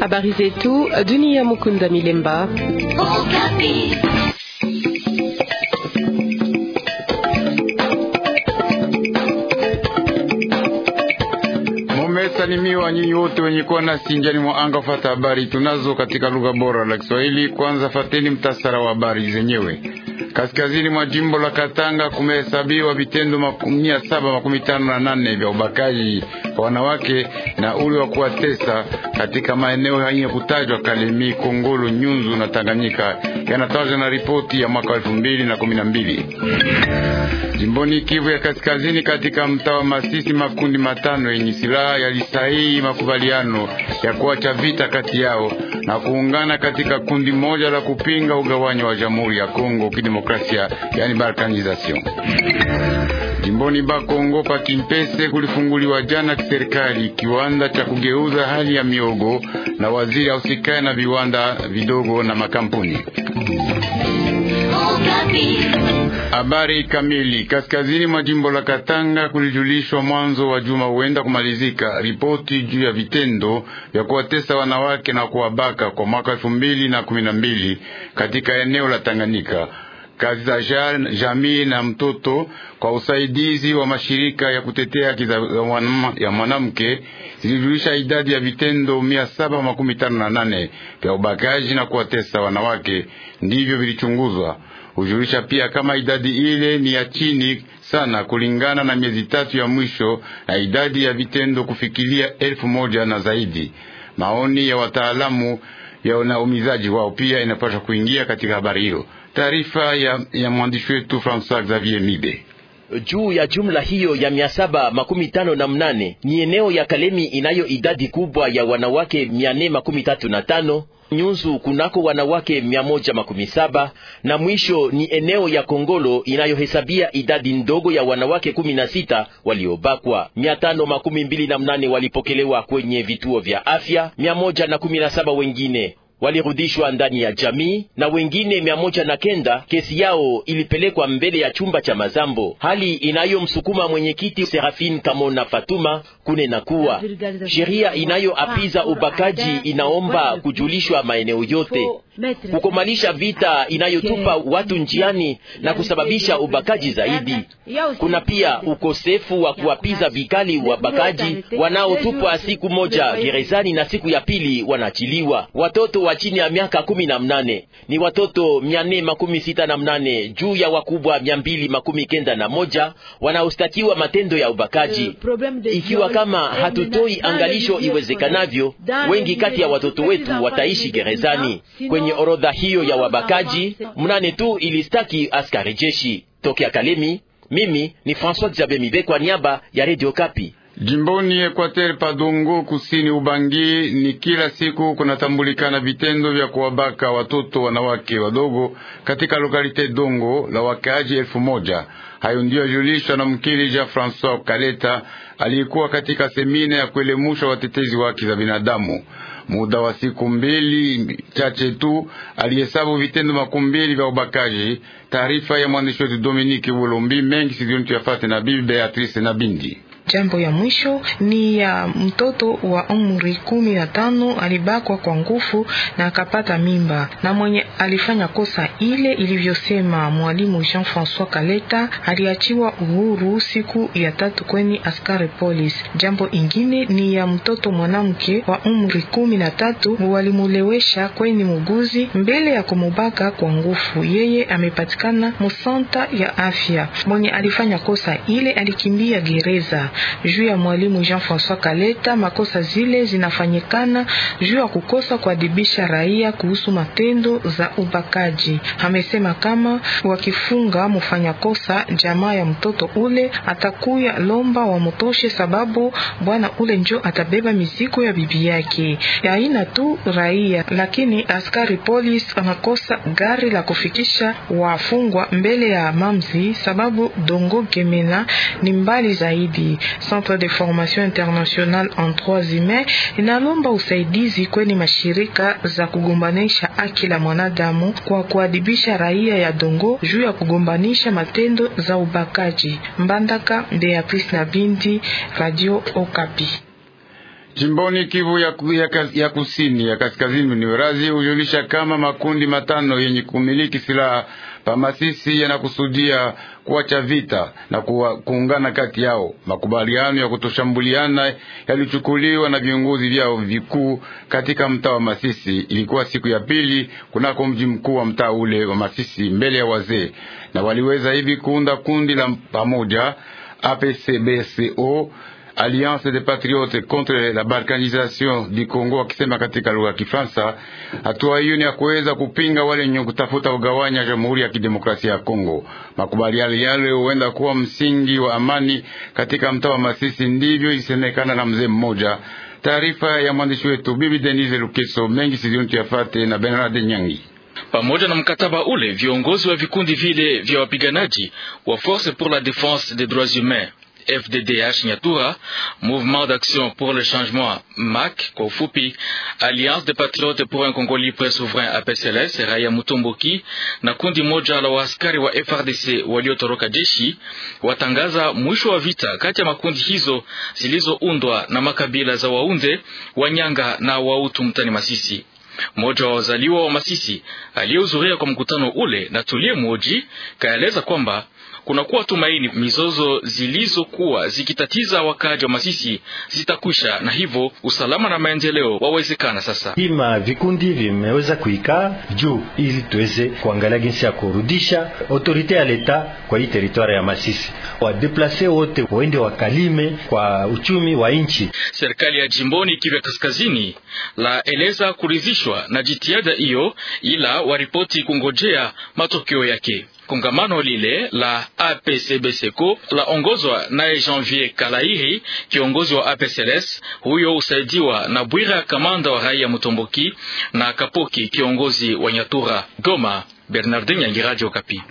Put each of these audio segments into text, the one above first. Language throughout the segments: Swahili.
Habari zetu dunia. Mukunda Milemba. Okapi. Mumesalimiwa nyinyi wote wenye kuwa na njiani mwa anga, fata habari tunazo katika lugha bora la Kiswahili. Kwanza fateni mtasara wa habari zenyewe. Kaskazini mwa jimbo la Katanga kumehesabiwa vitendo mia saba makumi tano na nane vya ubakaji kwa wanawake na ule wa kuwatesa katika maeneo yenye kutajwa Kalemi, Kongolo, Nyunzu na Tanganyika, yanatajwa na ripoti ya mwaka elfu mbili na kumi na mbili. Jimboni Kivu ya Kaskazini, katika mtaa wa Masisi, makundi matano yenye silaha yalisahihi makubaliano ya kuacha vita kati yao na kuungana katika kundi moja la kupinga ugawanyo wa Jamhuri ya Kongo kidemo kidemokrasia, yani balkanisation. Jimboni Bakongo pa Kimpese kulifunguliwa jana kiserikali kiwanda cha kugeuza hali ya miogo na waziri ausikae na viwanda vidogo na makampuni. Habari kamili. Kaskazini mwa jimbo la Katanga kulijulishwa mwanzo wa juma huenda kumalizika ripoti juu ya vitendo vya kuwatesa wanawake na kuwabaka kwa mwaka elfu mbili na kumi na mbili katika eneo la Tanganyika kazi za jamii na mtoto kwa usaidizi wa mashirika ya kutetea haki ya mwanamke zilijulisha idadi ya vitendo mia saba makumi tano na nane vya ubakaji na kuwatesa wanawake ndivyo vilichunguzwa. Hujulisha pia kama idadi ile ni ya chini sana kulingana na miezi tatu ya mwisho na idadi ya vitendo kufikilia elfu moja na zaidi. Maoni ya wataalamu ya wanaumizaji wao pia inapaswa kuingia katika habari hiyo. Taarifa ya, ya mwandishi wetu Francois Xavier Mibe juu ya jumla hiyo ya mia saba makumi tano na mnane ni eneo ya Kalemi inayo idadi kubwa ya wanawake mia nne makumi tatu na tano Nyunzu kunako wanawake mia moja makumi saba na mwisho ni eneo ya Kongolo inayohesabia idadi ndogo ya wanawake kumi na sita waliobakwa. Mia tano makumi mbili na mnane walipokelewa kwenye vituo vya afya, mia moja na kumi na saba wengine walirudishwa ndani ya jamii na wengine mia moja na kenda kesi yao ilipelekwa mbele ya chumba cha mazambo, hali inayomsukuma mwenyekiti Serafin Kamona Fatuma kune na kuwa sheria inayoapiza ubakaji inaomba kujulishwa maeneo yote kukomalisha vita inayotupa watu njiani na kusababisha ubakaji zaidi. Kuna pia ukosefu wa kuwapiza vikali wabakaji wanaotupwa siku moja gerezani na siku ya pili wanaachiliwa. Watoto wa chini ya miaka kumi na mnane ni watoto mia nne makumi sita na mnane juu ya wakubwa mia mbili makumi kenda na moja wanaostakiwa matendo ya ubakaji. Eh, Ikiwa kama eh, hatutoi angalisho iwezekanavyo, wengi kati ya watoto wetu wataishi gerezani kwenye kwenye orodha hiyo ya wabakaji mnane tu ilistaki askari jeshi. Tokea Kalemi, mimi ni François Jabe Mibe kwa niaba ya Radio Kapi. Jimboni Ekwater Padungu kusini Ubangi ni kila siku kunatambulikana vitendo vya kuwabaka watoto wanawake wadogo katika lokalite Dongo la wakaaji elfu moja. Hayo ndiyo yajulishwa na mkili mkirija François Kaleta aliyekuwa katika semina ya kuelemusha watetezi wa haki za binadamu muda wa siku mbili chache tu alihesabu vitendo makumi mbili vya ubakaji. Taarifa ya mwandishi wetu Dominique Wulumbi mengi sizioni tuyafate na Bibi Beatrice na Bindi Jambo ya mwisho ni ya mtoto wa umri kumi na tano alibakwa kwa nguvu na akapata mimba, na mwenye alifanya kosa ile ilivyosema mwalimu Jean-François Kaleta aliachiwa uhuru siku ya tatu kweni askari polisi. Jambo ingine ni ya mtoto mwanamke wa umri kumi na tatu walimulewesha kweni muguzi mbele ya kumubaka kwa nguvu. Yeye amepatikana musanta ya afya. Mwenye alifanya kosa ile alikimbia gereza juu ya mwalimu Jean-François Kaleta. Makosa zile zinafanyikana juu ya kukosa kuadibisha raia kuhusu matendo za ubakaji. Amesema kama wakifunga mfanya kosa, jamaa ya mtoto ule atakuya lomba wa motoshe sababu bwana ule njo atabeba mizigo ya bibi yake. Aina tu raia, lakini askari polisi anakosa gari la kufikisha wafungwa mbele ya mamzi, sababu Dongo Gemena ni mbali zaidi. Centre de Formation International en trois Humains inalomba usaidizi kweni mashirika za kugombanisha haki la mwanadamu kwa kuadibisha raia ya Dongo juu ya kugombanisha matendo za ubakaji. Mbandaka Beatrice na Bindi, Radio Okapi. Jimboni Kivu ya, ya, ya kusini ya kaskazini, ni urazi hujulisha kama makundi matano yenye kumiliki silaha pamasisi yanakusudia kuacha vita na kuungana kati yao. Makubaliano ya kutoshambuliana yalichukuliwa na viongozi vyao vikuu katika mtaa wa Masisi. Ilikuwa siku ya pili kunako mji mkuu wa mtaa ule wa Masisi mbele ya wazee, na waliweza hivi kuunda kundi la pamoja APCBCO Alliance des Patriotes contre la balkanisation du congo akisema katika lugha ya Kifaransa. Hatua hiyo ni ya kuweza kupinga wale wenye kutafuta kugawanya Jamhuri ya Kidemokrasia ya Kongo. Makubaliano yale huenda kuwa msingi wa amani katika mtaa wa Masisi, ndivyo isemekana na mzee mmoja. Taarifa ya mwandishi wetu Bibi Denise Lukeso mengi siziuntu yafate na Bernard Nyangi. Pamoja na mkataba ule, viongozi wa vikundi vile vya wapiganaji wa Force pour la Défense des Droits Humains FDDH Nyatura, Mouvement d'Action pour le Changement MAC kwa ufupi, Alliance de Patriotes pour un Congo Libre et Souverain APCLS Raya Mutomboki na kundi moja la waaskari wa FRDC waliotoroka jeshi watangaza mwisho wa vita kati ya makundi hizo zilizoundwa na makabila za Waunde, Wanyanga na Wautu mtani Masisi. Mmoja wa wazaliwa wa Masisi aliyehudhuria kwa mkutano ule na tulie mwoji kaeleza kwamba kunakuwa tumaini mizozo zilizokuwa zikitatiza wakaaji wa Masisi zitakwisha, na hivyo usalama na maendeleo wawezekana. Sasa ima vikundi vimeweza kuikaa juu ili tuweze kuangalia jinsi ya kurudisha autorite ya leta kwa hii teritwari ya Masisi, wadeplase wote waende wakalime kwa uchumi wa nchi. Serikali ya jimboni Kivu Kaskazini laeleza kuridhishwa na jitihada hiyo, ila waripoti kungojea matokeo yake. Kongamano lile la APCBSECO laongozwa naye Janvier Kalairi, kiongozi wa APCLS. Huyo usaidiwa na Bwira, kamanda wa raia Mutomboki, na Kapoki, kiongozi wa Nyatura. Goma, Bernardin Yangi, Radio Kapi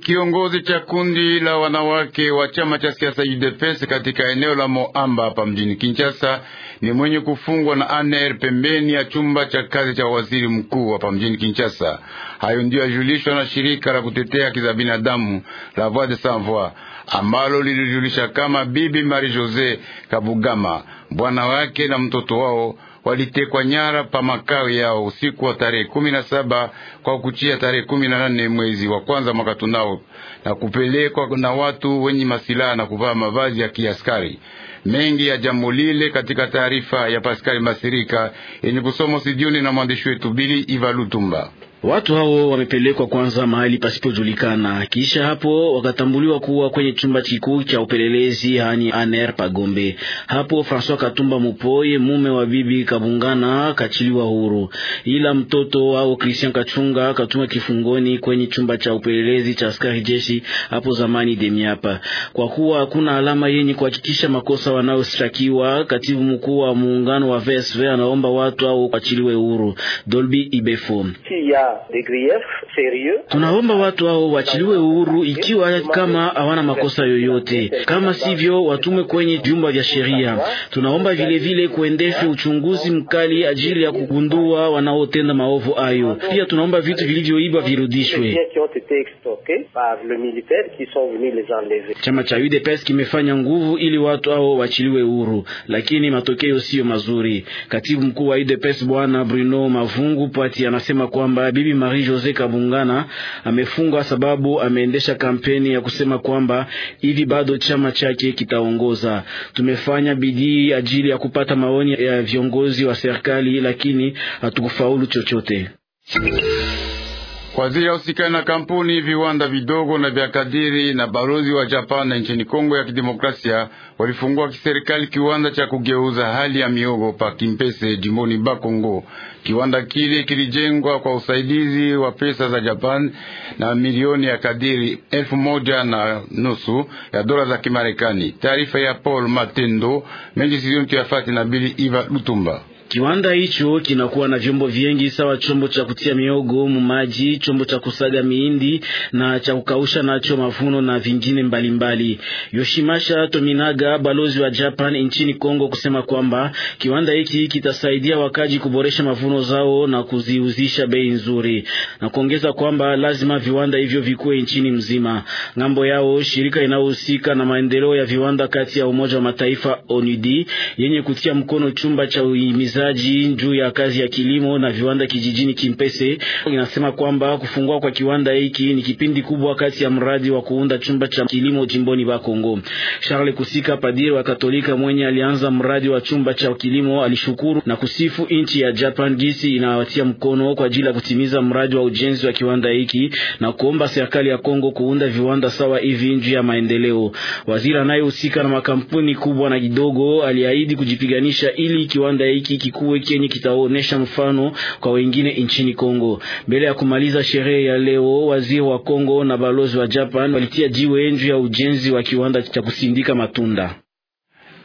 kiongozi cha kundi la wanawake wa chama cha siasa UDPS katika eneo la Moamba hapa mjini Kinshasa ni mwenye kufungwa na ANR pembeni ya chumba cha kazi cha waziri mkuu hapa mjini Kinshasa. Hayo ndiyo yajulishwa na shirika la kutetea haki za binadamu la Voix des Sans Voix ambalo lilijulisha kama Bibi Marie Jose Kabugama, bwana wake na mtoto wao walitekwa nyara pa makao yao usiku wa tarehe kumi na saba kwa kuchia tarehe kumi na nane mwezi wa kwanza mwaka tunao, na kupelekwa na watu wenye masilaha na kuvaa mavazi ya kiaskari mengi ya jambo lile katika taarifa ya Paskari Masirika yenye kusoma sijioni na mwandishi wetu Bili Ivalutumba. Watu hao wamepelekwa kwanza mahali pasipojulikana, kisha hapo wakatambuliwa kuwa kwenye chumba kikuu cha upelelezi hani aner Pagombe. Hapo Francois Katumba Mupoye, mume wa bibi Kabungana, kachiliwa huru, ila mtoto wao Christian Kachunga katuma kifungoni kwenye chumba cha upelelezi cha askari jeshi hapo zamani Demiapa, kwa kuwa hakuna alama yenye kuhakikisha makosa wanayoshtakiwa. Katibu mkuu wa muungano wa VSV anaomba watu hao wachiliwe huru. Dolby Ibefo yeah. Tunaomba watu hao wachiliwe uhuru ikiwa kama hawana makosa yoyote, kama sivyo watumwe kwenye vyumba vya sheria. Tunaomba vilevile kuendeshwe uchunguzi mkali ajili ya kugundua wanaotenda maovu hayo. Pia tunaomba vitu vilivyoiba virudishwe. Chama cha UDPS kimefanya nguvu ili watu hao wachiliwe uhuru, lakini matokeo siyo mazuri. Katibu mkuu wa UDPS Bwana Bruno Mavungu Pati anasema kwamba Bibi Marie Jose Kabungana amefungwa sababu ameendesha kampeni ya kusema kwamba hivi bado chama chake kitaongoza. Tumefanya bidii ajili ya kupata maoni ya viongozi wa serikali, lakini hatukufaulu chochote. Waziri ausikani na kampuni, viwanda vidogo na vya kadiri na balozi wa Japan nchini Kongo ya Kidemokrasia walifungua kiserikali kiwanda cha kugeuza hali ya miogo pa Kimpese jimboni Bakongo. Kiwanda kile kilijengwa kwa usaidizi wa pesa za Japan na milioni ya kadiri elfu moja na nusu ya dola za Kimarekani. Taarifa ya Paul Matendo mengi sizioni yafati na Bili Iva Lutumba. Kiwanda hicho kinakuwa na vyombo vingi sawa chombo cha kutia miogo mumaji, chombo cha kusaga miindi na cha kukausha nacho mavuno na vingine mbalimbali. Yoshimasha Tominaga, balozi wa Japan nchini Kongo, kusema kwamba kiwanda hiki kitasaidia wakaji kuboresha mavuno zao na kuziuzisha bei nzuri, na kuongeza kwamba lazima viwanda hivyo vikuwe nchini mzima. Ng'ambo yao shirika inayohusika na maendeleo ya viwanda kati ya Umoja wa Mataifa ONUD yenye kutia mkono chumba cha uhimizaji uwekezaji juu ya kazi ya kilimo na viwanda kijijini Kimpese inasema kwamba kufungua kwa kiwanda hiki ni kipindi kubwa kati ya mradi wa kuunda chumba cha kilimo jimboni Bakongo. Charles Kusika, padiri wa Katolika mwenye alianza mradi wa chumba cha kilimo, alishukuru na kusifu nchi ya Japan gisi inawatia mkono kwa ajili ya kutimiza mradi wa ujenzi wa kiwanda hiki na kuomba serikali ya Kongo kuunda viwanda sawa hivi njuu ya maendeleo. Waziri anayehusika na makampuni kubwa na kidogo aliahidi kujipiganisha ili kiwanda hiki kikuwe kenye kitaonesha mfano kwa wengine nchini Kongo. Mbele ya kumaliza sherehe ya leo, waziri wa Kongo na balozi wa Japan walitia jiwe enju ya ujenzi wa kiwanda cha kusindika matunda.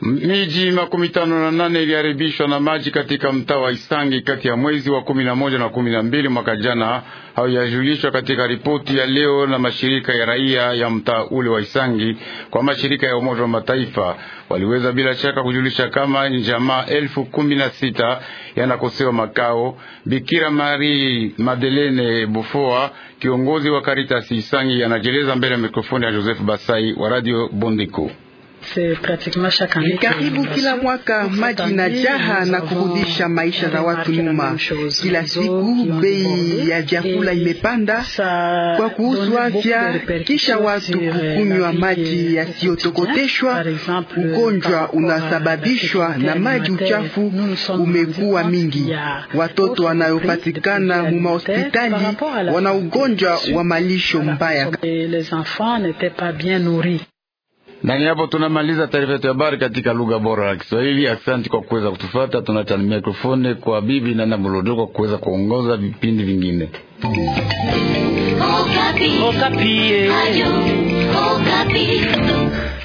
Miji makumi tano na nane iliharibishwa na maji katika mtaa wa Isangi kati ya mwezi wa kumi na moja na kumi na mbili mwaka jana, hauyajulishwa katika ripoti ya leo na mashirika ya raia ya mtaa ule wa Isangi kwa mashirika ya Umoja wa Mataifa. Waliweza bila shaka kujulisha kama jamaa elfu kumi na sita yanakosewa makao. Bikira Marie Madelene Bufoa, kiongozi wa Karitasi Isangi, anajeleza mbele ya mikrofoni ya Joseph Basai wa Radio bondiku ni karibu kila mwaka maji na jaha na kurudisha maisha za watu nyuma. Kila siku bei ya vyakula imepanda kwa kuhusu afya, kisha watu euh, kukunywa maji yasiyotokoteshwa. Ugonjwa unasababishwa na maji uchafu umekuwa mingi. Watoto wanayopatikana muma hospitali wana ugonjwa wa malisho mbaya. Nani hapo tunamaliza taarifa yetu ya habari katika lugha bora ya Kiswahili. Asante kwa kuweza kutufuata. Tunaacha mikrofoni kwa bibi Nana Muludio kwa kuweza kuongoza vipindi vingine. Okapi. Oh, Okapi. Oh, eh. Okapi.